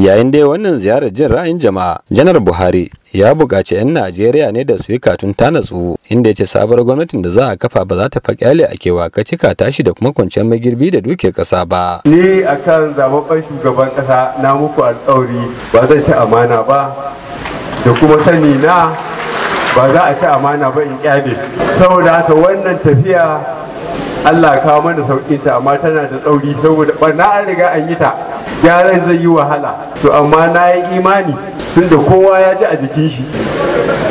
yayin dai wannan ziyarar jin ra'ayin jama'a janar buhari ya buƙaci 'yan najeriya ne da su yi katun ta natsu inda ya ce sabuwar gwamnatin da za a kafa ba za ta faƙyale a kewa ka cika tashi da kuma kwanciyar magirbi da duke ƙasa ba ni akan zababben shugaban ƙasa na muku alƙawari ba zan ci amana ba da kuma sani na ba za a ci amana ba in ƙyale saboda haka wannan tafiya Allah kawo mana sauƙin ta amma tana da tsauri saboda barna an riga an yi ta gyaran zai yi wahala to amma na yi imani tun da kowa ya ji a jikin shi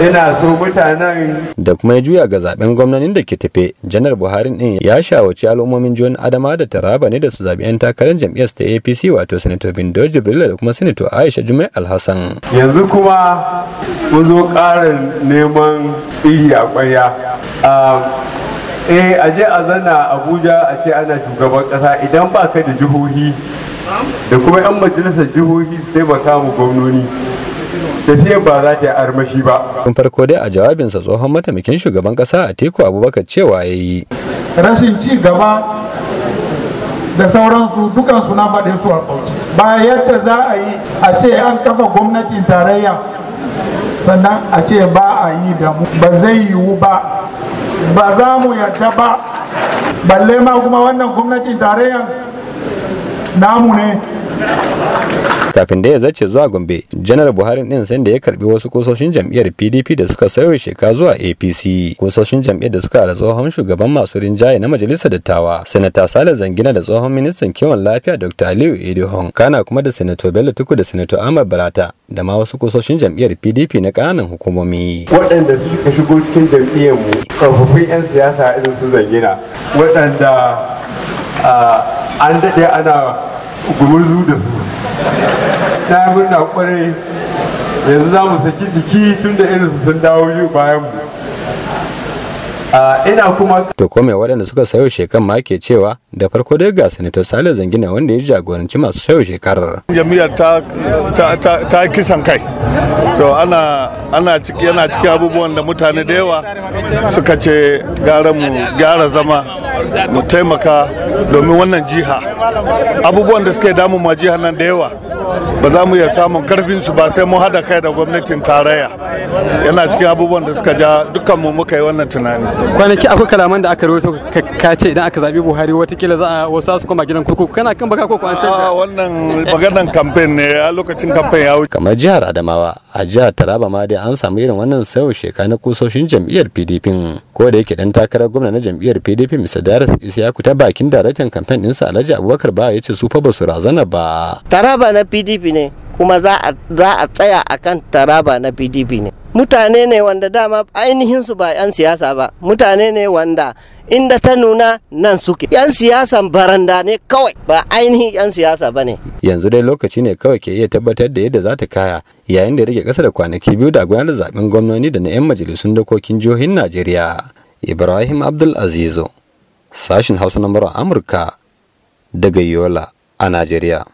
ina so mutanen da kuma ya juya ga zaben gwamnanin da ke tafe janar buhari din ya shawarci al'ummomin jihar adama da taraba ne da su zaɓi 'yan takarar jam'iyyar ta apc wato sanato bindo jibrila da kuma sanato aisha jumai alhassan yanzu kuma mun zo ƙarin neman iri a ƙwarya ah, eh aje je a zana abuja a ce ana shugaban kasa idan ba ka da jihohi da kuma 'yan majalisar jihohi sai taimaka mu gwamnoni tafiyar ba za ta yi armashi ba. kun farko dai a jawabinsa tsohon mataimakin shugaban kasa a teku abubakar cewa ya Rashin ci gaba da sauransu dukansu na faɗin su a Ba yadda za a yi a ce an kafa gwamnatin tarayya sannan a ce ba a yi da mu ba zai yiwu ba ba za mu yadda ba balle ma kuma wannan gwamnatin tarayyan namu ne kafin da ya zace zuwa gombe janar buhari din sanda ya karbi wasu kusoshin jam'iyyar pdp da suka sauri sheka zuwa apc kusoshin jam'iyyar da suka da tsohon shugaban masu rinjaye na majalisar dattawa sanata sale zangina da tsohon ministan kiwon lafiya dr aliyu edihon kana kuma da sanato bello tuku da sanato ahmad barata da ma wasu kusoshin jam'iyyar pdp na ƙananan hukumomi waɗanda suka shigo cikin jam'iyyar mu tsofaffin 'yan siyasa irin su zangina waɗanda ah, an daɗe ana gumurzu da su ta murna kwarai yanzu za mu saki jiki tun da irin sun dawo yi bayan ina kuma to kome waɗanda suka sayo shekan ma ke cewa da farko dai ga sanatar sale zangina wanda ya jagoranci masu sayo shekarar jami'ar ta kisan kai to ana ana ciki yana ciki abubuwan da mutane da yawa suka ce gara mu gyara zama mu taimaka domin wannan jiha abubuwan da suke damu ma jiha nan da yawa ba za mu iya samun karfin su ba sai mu hada kai da gwamnatin tarayya yana cikin abubuwan da suka ja dukkan mu muka yi wannan tunani kwanaki akwai kalaman da aka rubuta ka ce idan aka zabi Buhari watakila za a wasu su koma gidan kurkuku kana kan baka ko an ce ah, wannan maganan campaign ne a lokacin campaign ya wuce kamar jihar Adamawa a jihar taraba ma dai an samu irin wannan sayo sheka na kusoshin jam'iyyar pdp ko da yake dan takarar gwamna na jam'iyyar pdp mr isa ya ta bakin daraktan kamfen ɗinsa alhaji abubakar ba ya ce su fa ba su razana ba taraba na pdp ne kuma za a tsaya a kan taraba na pdp ne mutane ne wanda dama ainihinsu ba 'yan siyasa ba mutane ne wanda inda ta nuna nan suke 'yan siyasan baranda ne kawai ba ainihin 'yan siyasa ba ne yanzu dai lokaci ne kawai ke iya tabbatar da yadda za ta kaya yayin da rage kasa da kwanaki biyu da gudanar zaben gwamnoni da na 'yan majalisun dokokin jihohin najeriya ibrahim abdul azizo sashin hausa na amurka daga yola a najeriya